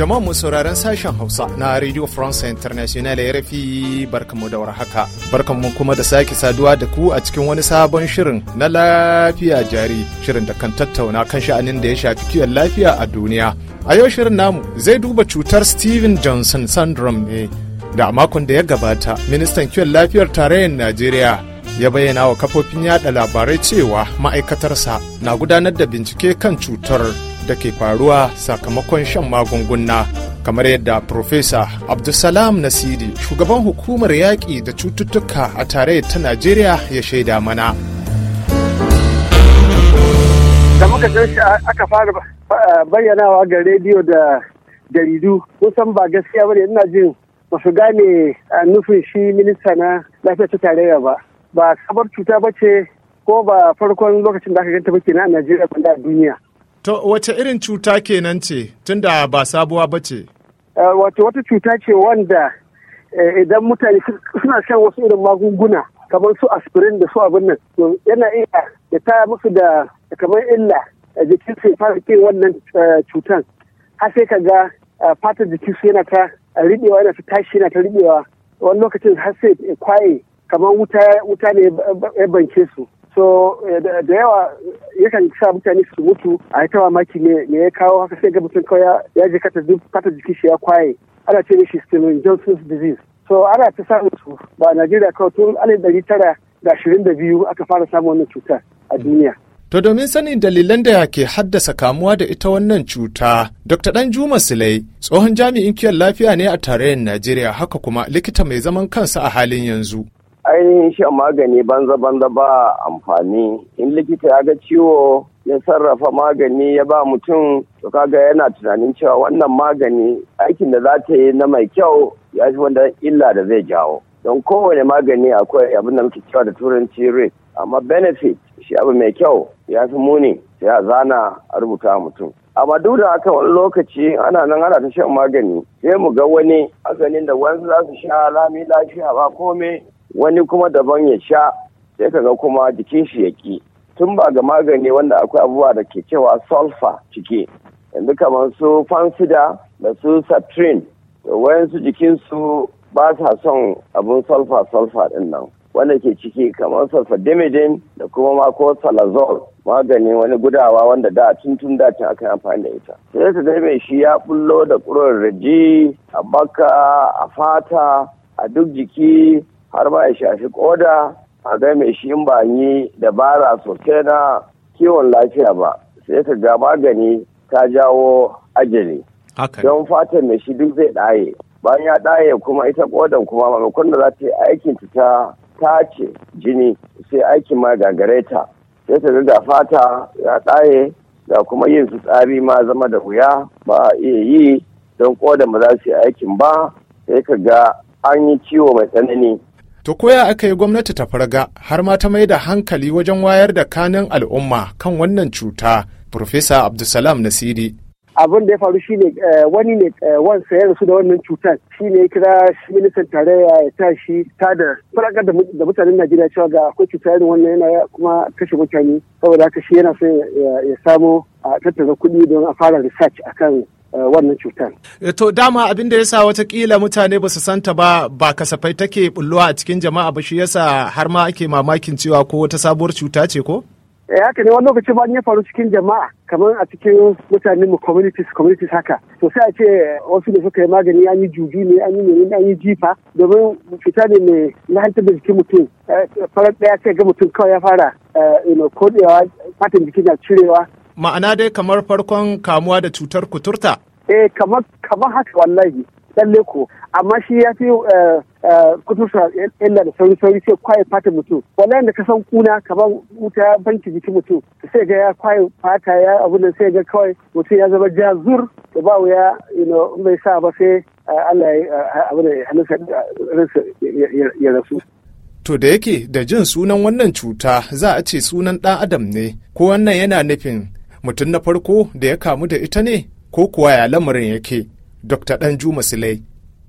Jama'a mu sauraron sashen Hausa na Radio France International ya rafi barkamu da warhaka. Barkamu kuma da sake saduwa da ku a cikin wani sabon shirin na lafiya jari, shirin da kan tattauna kan sha'anin da ya shafi kiwon lafiya a duniya. A yau shirin namu zai duba cutar Steven Johnson syndrome ne da a makon da ya gabata ministan kiwon lafiyar tarayyar Najeriya ya bayyana wa kafofin yada labarai cewa ma'aikatarsa na gudanar da bincike kan cutar da ke faruwa sakamakon shan magunguna kamar yadda Profesa Abdulsalam Nasiri shugaban hukumar yaƙi da cututtuka a tare ta Najeriya ya shaida mana. Da muka shi aka fara eh, bayyanawa ga rediyo da jaridu kusan ba gaskiya bane ina jin ba su gane eh, nufin shi minista na lafiya ta tarayya ba. ba sabar cuta ba ce ko ba farkon lokacin da aka ganta ba ke a Najeriya ko a duniya. To wace irin cuta kenan ce tunda ba sabuwa ba ce? Eh, wato wata cuta ce wanda eh, idan mutane suna shan wasu irin magunguna kamar su aspirin da su abin nan yana iya ya ta musu da kamar illa a jikin su ya fara ke wannan eh, cutan har sai ka ga fatar jikin su yana ta riɓewa yana ta tashi yana ta riɗewa wani lokacin har sai kwaye kamar wuta ne ya banke su so eh, da yawa yakan sa mutane su mutu a ta maki ne me ya kawo haka sai ga mutum kawai ya je kata duk fata jikin shi ya kwaye ana ce shi stephen Johnson's disease so ana ta samun su ba a Najeriya kawai tun alif ɗari tara da ashirin da biyu aka fara samun wannan cuta a duniya. To domin sanin dalilan da ke haddasa kamuwa da ita wannan cuta, Dr. dan juma Silai, tsohon jami'in kiwon lafiya ne a tarayyar Najeriya haka kuma likita mai zaman kansa a halin yanzu. ainihin shan magani banza-banza ba amfani in likita ya ga ciwo ya sarrafa magani ya ba mutum to kaga yana tunanin cewa wannan magani aikin da za ta yi na mai kyau ya shi wanda illa da zai jawo don kowane magani akwai abin da muke cewa da turanci risk amma benefit shi abu mai kyau ya fi muni sai a zana a rubuta mutum amma duk da haka wani lokaci ana nan ana ta shan magani sai mu ga wani asalin da wani za su sha lami lafiya ba komai. wani kuma daban ya sha sai kaga kuma jikin shi ya ki tun ba ga magani wanda akwai abubuwa da ke cewa sulfa ciki yanzu kamar su fansida da su satrin da wayansu jikinsu ba sa son abin sulfa sulfa din nan wanda ke ciki kamar sulfadimidin da kuma mako salazol Magani wani gudawa wanda da tun tun da tun aka amfani da ita sai ka ga mai shi ya bullo da ƙurar raji a baka a fata a duk jiki har ma ya shafi koda a ga mai shi in ba yi dabara sosai na kiwon lafiya ba sai ka ga magani ta jawo ajali don fata mai shi duk zai ɗaye bayan ya ɗaye kuma ita kodan kuma maimakon da za ta yi aikin ta tace jini sai aikin ma gagare ta sai ta ga fata ya ɗaye ga kuma yin su tsari ma zama da wuya ba a iya yi don kodan ba za su yi aikin ba sai ka ga an yi ciwo mai tsanani To koya aka yi gwamnati ta farga har ma ta mai da hankali wajen wayar da kanin al'umma kan wannan cuta. Profesa Abdulsalam Nasiri. Abin da ya faru shine eh, wani ne eh, wansa ya rasu da wannan cutar shi ne kira ministan tarayya ya tashi ta da farakar da mutanen Najeriya cewa ga akwai cuta irin wannan yana kuma kashe mutane saboda haka shi yana so ya samo a tattara kuɗi don a fara research akan Eh, wannan cutar. Eh, to dama abin da yasa watakila mutane ba su santa ba ba kasafai take bulluwa a cikin jama'a ba shi yasa har ma ake mamakin cewa ko wata sabuwar cuta ce ko? ya eh, haka ne wani lokaci ba ya faru cikin jama'a kamar a cikin mutane mu communities communities haka to sai a ce wasu da suka yi magani an yi juju ne an yi ne an yi jifa domin cuta ne mai lahantar da jikin mutum farar daya sai ga mutum kawai ya fara kodewa fatan jiki na cirewa ma'ana dai kamar farkon kamuwa da cutar kuturta eh kamar kamar haka wallahi lalle ko amma shi ya fi eh, eh, kuturta illa da sauri sauri sai kwaye fata mutum wallahi da ka san kuna kamar wuta banki jiki mutum sai ga ya kwaye fata ya abu da sai ga kawai mutum ya zama jazur da ba ya bai sa ba sai eh, Allah ya abu da ya rasu To da yake da jin sunan wannan cuta za a ce sunan ɗan adam ne, ko wannan yana nufin mutum na farko da ya kamu da ita ne ko kuwa ya lamarin yake dr danjuma silai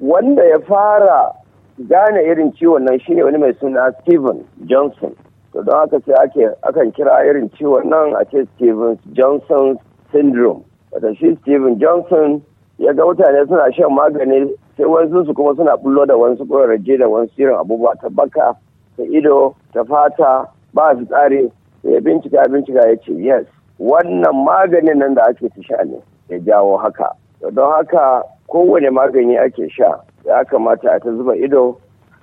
wanda ya fara gane irin ciwon nan shine wani mai suna steven johnson to don haka sai ake akan kira irin ciwon nan a ce steven johnson syndrome wata shi steven johnson ya ga mutane suna shan magani sai wasu su kuma suna bullo da wasu ƙwararraje da wasu irin abubuwa ta baka ta ido ta fata ba su tsari ya bincika bincika ya ce yes wannan maganin nan da ake ta sha ne ya jawo haka don haka kowane magani ake sha ya kamata a ta zuba ido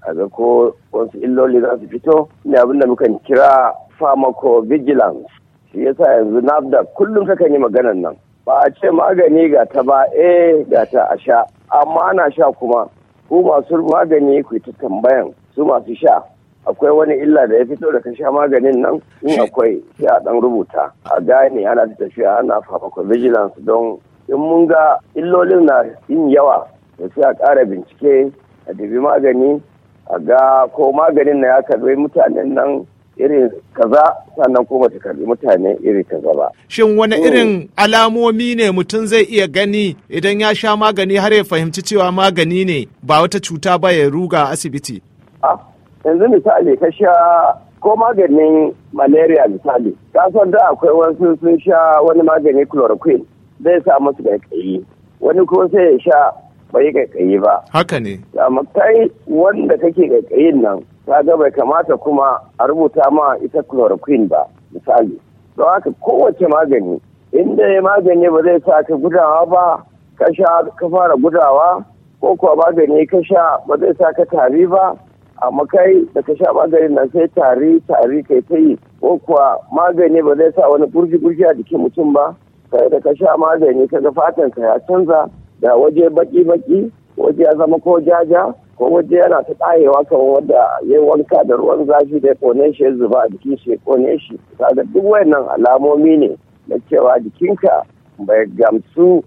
a ga ko wasu illoli za su fito ne abin da mukan kira pharmacovigilance shi yasa yanzu nafda kullum kakan yi maganan nan ba a ce magani ga ta ba eh ga ta a sha amma ana sha kuma ku masu magani ku yi ta tambayan su masu sha akwai wani illa da ya fito da ka sha maganin nan in akwai sai a dan rubuta a gane ana ta tafiya ana vigilance don in mun ga illolin na yin yawa da sai a kara bincike a dubi magani a ga ko maganin na ya karbi mutanen nan irin kaza sannan kuma ta karbi mutane irin kaza ba. Shin wani hmm. irin alamomi ne mutum zai iya gani idan ya sha magani har ya fahimci cewa magani ne ba wata cuta ba ya ruga asibiti? yanzu misali ka sha ko maganin malaria misali san da akwai wasu sun sha wani magani chloroquine zai sa musu kaikayi wani kuma sai ya sha bai kaikayi ba haka ne amma kai wanda kake kaikayin nan kaga bai kamata kuma a rubuta ma ita chloroquine ba misali don haka kowace magani inda ya magani ba zai sa ka gudawa ba ka sha ka fara gudawa ko kuwa magani ka sha ba zai sa ka tari ba amma kai da ka sha maganin nan sai tari tari kai ta yi ko kuwa magani ba zai sa wani burji burji a jikin mutum ba kai da ka sha magani kaga fatan ka ya canza da waje baki baki waje ya zama ko jaja ko waje yana ta tsayewa kamar wanda ya yi wanka da ruwan zafi da ya kone shi ya zuba a jikin shi ya kone shi kaga duk wayannan alamomi ne na cewa jikinka bai gamsu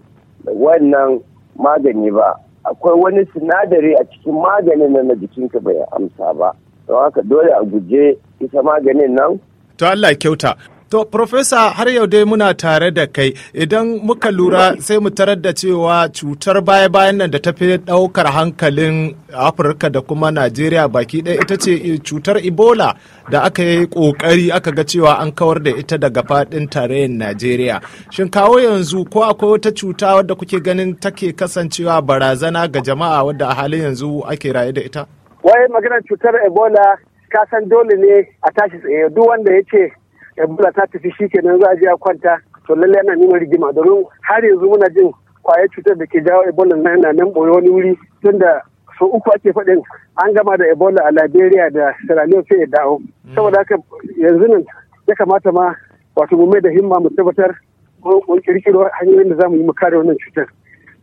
da wannan magani ba akwai wani sinadari a cikin maganin nan na jikinka bai amsa ba don haka dole a guje isa maganin nan to Allah kyauta To, Profesa, har yau dai muna tare da kai idan muka lura sai mu tarar da cewa cutar baya-bayan nan da ta fi ɗaukar hankalin Afirka da kuma Najeriya baki ɗaya ita ce cutar Ebola da aka yi ƙoƙari aka ga cewa an kawar da ita daga faɗin tarayyar Najeriya. Shin kawo yanzu ko akwai wata cuta wadda kuke ganin take kasancewa barazana ga jama'a wadda a halin yanzu ake raye da ita? Wai maganar cutar Ebola kasan dole ne a tashi tsaye duk wanda ya ce ebola ta tafi shi kenan za a je a kwanta to lallai ana nuna rigima domin har yanzu muna jin kwayar cutar da ke jawo ebola na yana nan boye wani wuri tunda so uku ake faɗin an gama da ebola a liberia da sierra leone sai ya dawo mm. saboda haka yanzu nan ya kamata ma wato mu mai da himma mu tabbatar mun kirkiro hanyoyin da za mu yi mu kare wannan cutar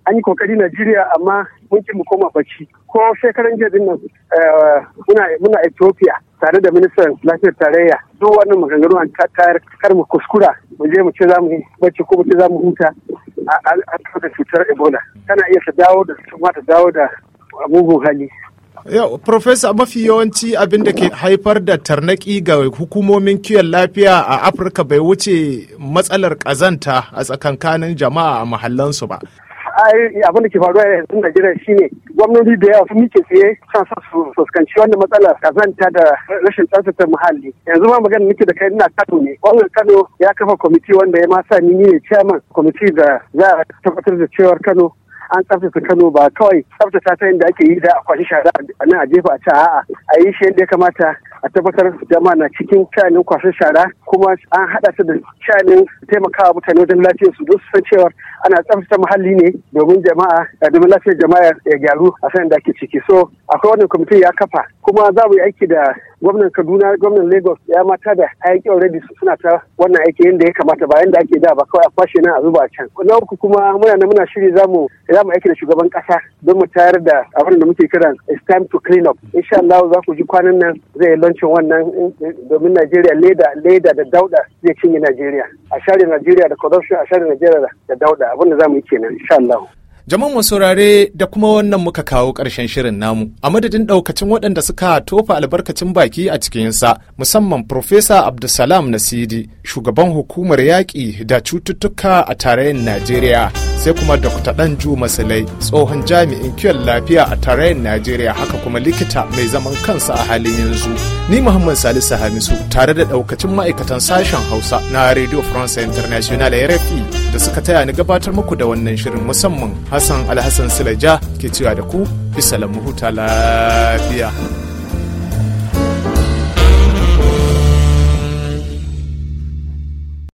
an yi kokari Najeriya amma mun ki mu koma bacci ko shekaran jiya din nan eh, muna Ethiopia tare da ministan lafiyar tarayya duk wannan maganganu an kakar kar mu kuskura mu je mu ce za mu yi bacci ko mu ce za mu huta a kan cutar ebola tana iya ta dawo da ta dawo da abubuwan hali Yau, Profesa mafi yawanci abin da ke haifar da tarnaki ga hukumomin kiwon lafiya a Afirka bai wuce matsalar ƙazanta a tsakankanin jama'a a mahallansu ba. abin da ke faruwa yanzu Najeriya shine gwamnati da yawa sun mike tsaye san sa su fuskanci wannan matsala kazanta da rashin tsaftace muhalli yanzu ma magana nake da kai ina Kano ne wannan Kano ya kafa kwamiti wanda ya ma sa ni ne chairman kwamiti da za a tabbatar da cewar Kano an tsaftace Kano ba kawai tsaftace ta yadda ake yi da akwashi shara a nan a jefa a ca a'a a yi shi yadda ya kamata a tabbatar jama'a na cikin kayanin kwashin shara kuma an haɗa su da shanin taimakawa mutane wajen lafiyar su don su san cewa ana tsaftace muhalli ne domin jama'a eh, domin lafiyar jama'a ya gyaru a sanin da ake ciki so akwai wannan kwamitin ya kafa kuma za mu yi aiki da gwamnan kaduna gwamnan lagos ya mata da aiki already suna ta wannan aiki yadda ya kamata ba yadda ake da ba kawai a kwashe nan a zuba can na uku kuma muna na muna shiri za mu za mu aiki da shugaban kasa don mu tayar da abin da muke kiran it's time to clean up insha Allah za ku ji kwanan nan zai lancin wannan eh, eh, domin Najeriya leda leda da da dauda zai cinye Najeriya a share Najeriya da corruption a share Najeriya da dauda abin da za mu yi kenan insha Allah Jaman mu saurare da kuma wannan muka kawo karshen shirin namu a madadin ɗaukacin waɗanda suka tofa albarkacin baki a cikinsa musamman Profesa Abdulsalam Nasidi shugaban hukumar yaƙi da cututtuka a tarayyar Najeriya. sai kuma Dr. Danju Masalai tsohon jami'in kiwon lafiya a tarayyar Najeriya haka kuma likita mai zaman kansa a halin yanzu. Ni Muhammad Salisu Hamisu tare da daukacin ma'aikatan sashen Hausa na Radio France International RFI da suka taya ni gabatar muku da wannan shirin musamman Hassan Alhassan Silaja ke cewa da ku bisa huta lafiya.